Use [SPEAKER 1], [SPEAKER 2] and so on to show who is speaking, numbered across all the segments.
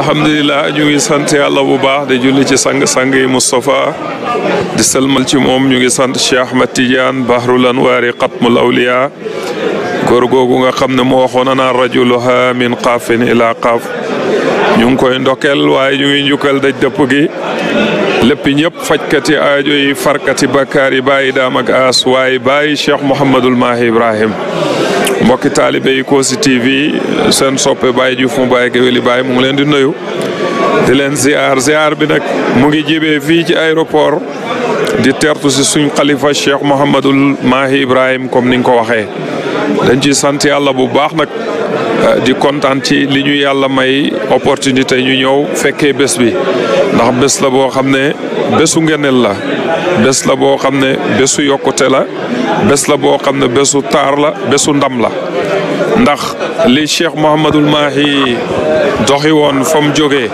[SPEAKER 1] alhamdulilah ñu ngi sant yàlla bu baax di julli ci sang-sang yi Moustapha di sëlmal ci moom ñu ngi sant Cheikh Ahmed Tidiane bahrul anwaari xatmul awliya góor googu nga xamne mo moo na rajulha min qaafin ila qaf ñu ngi koy ndokel waaye ñu ngi njukkal daj dëpp gi lépp ñep fajkati aajo yi farkati bakari yi bàyyi daam ak aas waaye Cheikh mohammedul Mahi Ibrahim mbokki taalibe yi Kossy TV seen soppe Baye Diouf mu Baye Géwéli Baye mu ngi leen di nuyu di leen ziar ziar bi nag mu ngi jibee fii ci aéroport di tertu si suñ xalifa Cheikh Mouhamadul Mahi Ibrahim comme ni nga ko waxee dañ ci sant yàlla bu baax nag eh, di kontaan ci li ñu yàlla may opportunité ñu ñëw fekkee bés bi ndax bés la boo xam ne bésu ngenel la bés la boo xam ne bésu yokkute la bés la boo xam ne bésu taar la bésu ndam la ndax li Cheikh Mouhamadul Mahi doxi woon fa mu jógee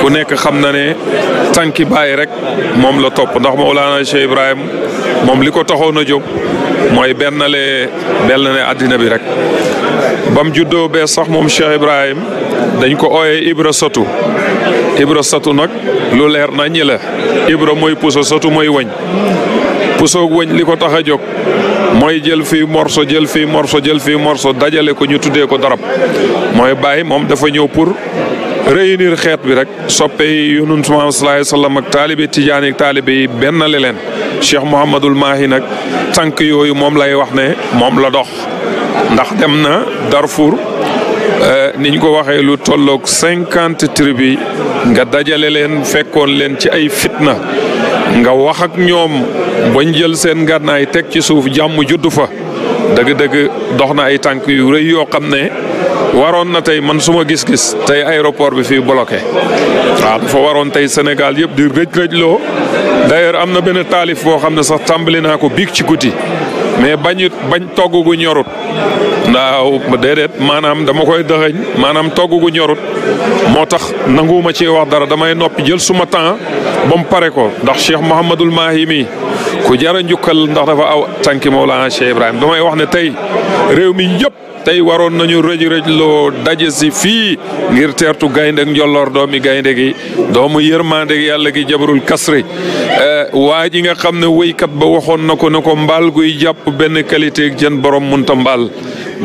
[SPEAKER 1] ku nekk xam na ne tànki bàyyi rek moom la topp ndax Mawlana Cheikh Ibrahim moom li ko taxoon a jóg mooy benn le benn ne àddina bi rek ba mu juddoo be sax moom Cheikh Ibrahim dañ ko ooyee Ibra Sotu ibra satu nag lu leer na ñi la ibra mooy puso satu mooy wañ pusoog wëñ li ko tax a jóg mooy jël fii morso jël fii morso jël fii morso dajale ko ñu tuddee ko darab mooy bàyyi moom dafa ñëw pour réunir xeet bi rek soppe yi yonun suma salaay sallam ak taalibe tijaan ak taalibe yi benn le leen cheikh mouhamadul nag tànk yooyu moom lay wax ne moom la dox ndax dem na Darfour Euh, ni ñu ko waxee lu tolloog cinquante tribus nga dajale leen fekkoon leen ci ay fitna nga wax ak ñoom bañ jël seen ngànnaay teg ci suuf jàmm juddu fa dëgg-dëgg dox na ay tànk yu rëy yoo xam ne waroon na tey man suma gis-gis tey aéroport bi fii bloqué waaw dafa waroon tey Sénégal yëpp di rëj rëjloo d'ailleurs am na benn taalif boo xam ne sax tàmbali naa ko biig ci guddi mais bañut bañ togg bu ñorut daaw déedéet maanaam dama koy dëxëñ maanaam togg gu ñorut moo tax nanguwuma ci wax dara damay noppi jël suma temps ba mu pare ko ndax Cheikh Mouhamadul Mahi mi ku jara njukkal ndax dafa aw tànki Mawlana Cheikh Ibrahima damay wax ne tey réew mi yëpp tey waroon nañu rëj rëj loo daje si fii ngir teertu gaynde ak njolloor doomi gaynde gi doomu yërmande gi yàlla gi jabarul kasri eh, waa ji nga xam ne wéykat ba waxoon na ko ne ko mbaal guy jàpp benn qualité ak jën borom munta mbaal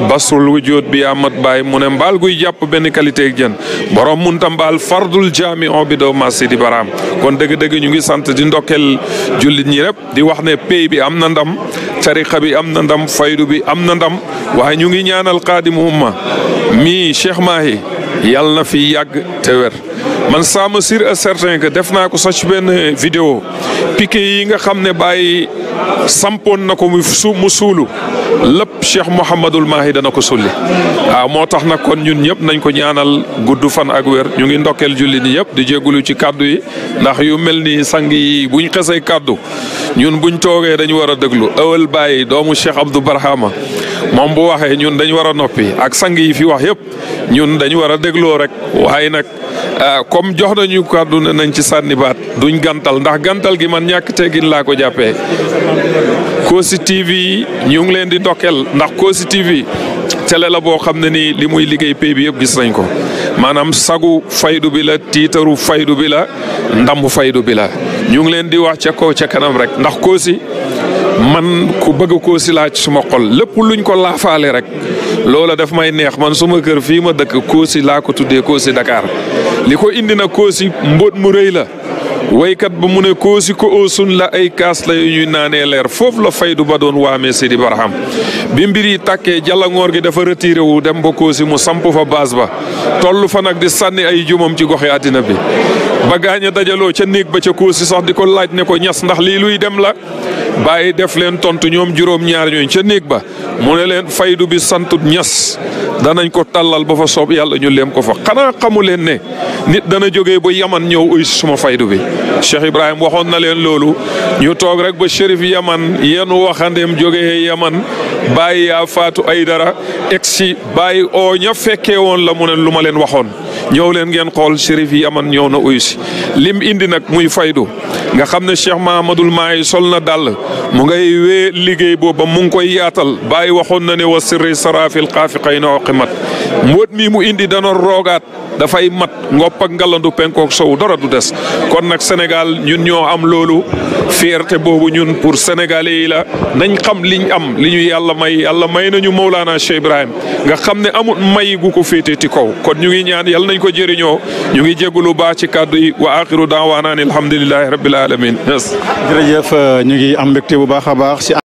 [SPEAKER 1] basrul wujud bi yaa mat bàyyi mu ne mbaal guy jàpp benn qualité ak jën borom munta mbaal fardul jaami bi doo marché di baraam kon dëgg-dëgg ñu ngi sant di ndokkeel jullit ñi rek di wax ne pay bi am na ndam tariqa bi am na ndam faydu bi am na ndam waaye ñu ngi ñaanal xaadimu umma mi Cheikh Mahi yàlla na fi yàgg te wer man sama sûr et certain que def naa ko sax ci benn vidéo piqué yi nga xam ne bàyyi sampoon na ko mu suulu lépp Cheikh Mouhamadul Mahi dana ko sulli waaw moo tax nag kon ñun ñëpp nañ ko ñaanal gudd fan ak wér ñu ngi ndokkeel julli ni yëpp di jégalu ci kàddu yi ndax yu mel ni sang yi buñ xesee kàddu ñun buñ toogee dañu war a déglu ëwal bàyyi doomu Cheikh Abdou Barhama moom bu waxee ñun dañu war a noppi ak sang yi fi wax yëpp ñun dañu war a dégloo rek waaye nag ah, comme jox nañu kàddu ne nañ ci sànni baat duñ gantal ndax gantal gi man ñàkk te gin laa ko jàppee. Kossy TV ñu ngi leen di ndokkeel ndax Kossy TV télé la boo xam ne nii li muy liggéey pays bi yëpp gis nañ ko maanaam sagu faydu bi la tiitaru faydu bi la ndambu faydu bi la ñu ngi leen di wax ca kaw ca kanam rek ndax Kossy man ku bëgg Kossy laaj suma xol lépp luñ ko laafaale rek loolu daf may neex man suma kër fii ma dëkk Kossy laa ko tuddee Kossy Dakar li ko indi na Kossy mbóot mu rëy la waykat ba mu ne koosi ko oosun la ay kaas lay yu ñuy naanee leer foofu la faydu ba doon waamee Sidi Barham bi mbir yi tàkkee jallangoor gi dafa retiré wu dem ba koosi mu samp fa baas ba toll fa nag di sànni ay jumam ci goxi àddina bi ba gaañ dajaloo ca néeg ba ca koosi sax di ko laaj ne ko ñas ndax lii luy dem la bàyyi def leen tontu ñoom juróom ñaar ñooñ ca néeg ba mu ne leen faydu bi santut ñas danañ ko tàllal ba fa soob yàlla ñu leem ko fa xanaa xamu leen ne nit dana jógee ba yaman ñëw suma faydu bi Cheikh Ibrahim waxoon na leen loolu ñu toog rek ba shérif yaman yenu waxandem jógee yaman bàyyi yaa faatu ay dara egsi bàyyi oo ña fekkee woon la mu ne lu ma leen waxoon ñëw leen ngeen xool shérif yaman ñëw na uyu si lim indi nag muy faydu nga xam ne Cheikh Mahamadul Maay sol na dàll mu ngay wee liggéey booba mu ngi koy yaatal bàyyi waxoon na ne wa sirri sarafil xaafi xëy na oqimat mbóot mi mu indi dana roogaat dafay mat ngopp ak ngalandu penkook sow dara du des kon nag Sénégal ñun ñoo am loolu fierté boobu ñun pour sénégalais yi la nañ xam liñ am li ñu yàlla may yàlla may nañu Mawlana Cheikh Ibrahim nga xam ne amul may gu ko féete ti kaw kon ñu ngi ñaan yàlla nañ ko jëriñoo ñu ngi jégalu baax ci kàddu yi wa axiru daawaana alhamdulillahi rabbil alamin jërëjëf ñu ngi am mbégte bu baax a baax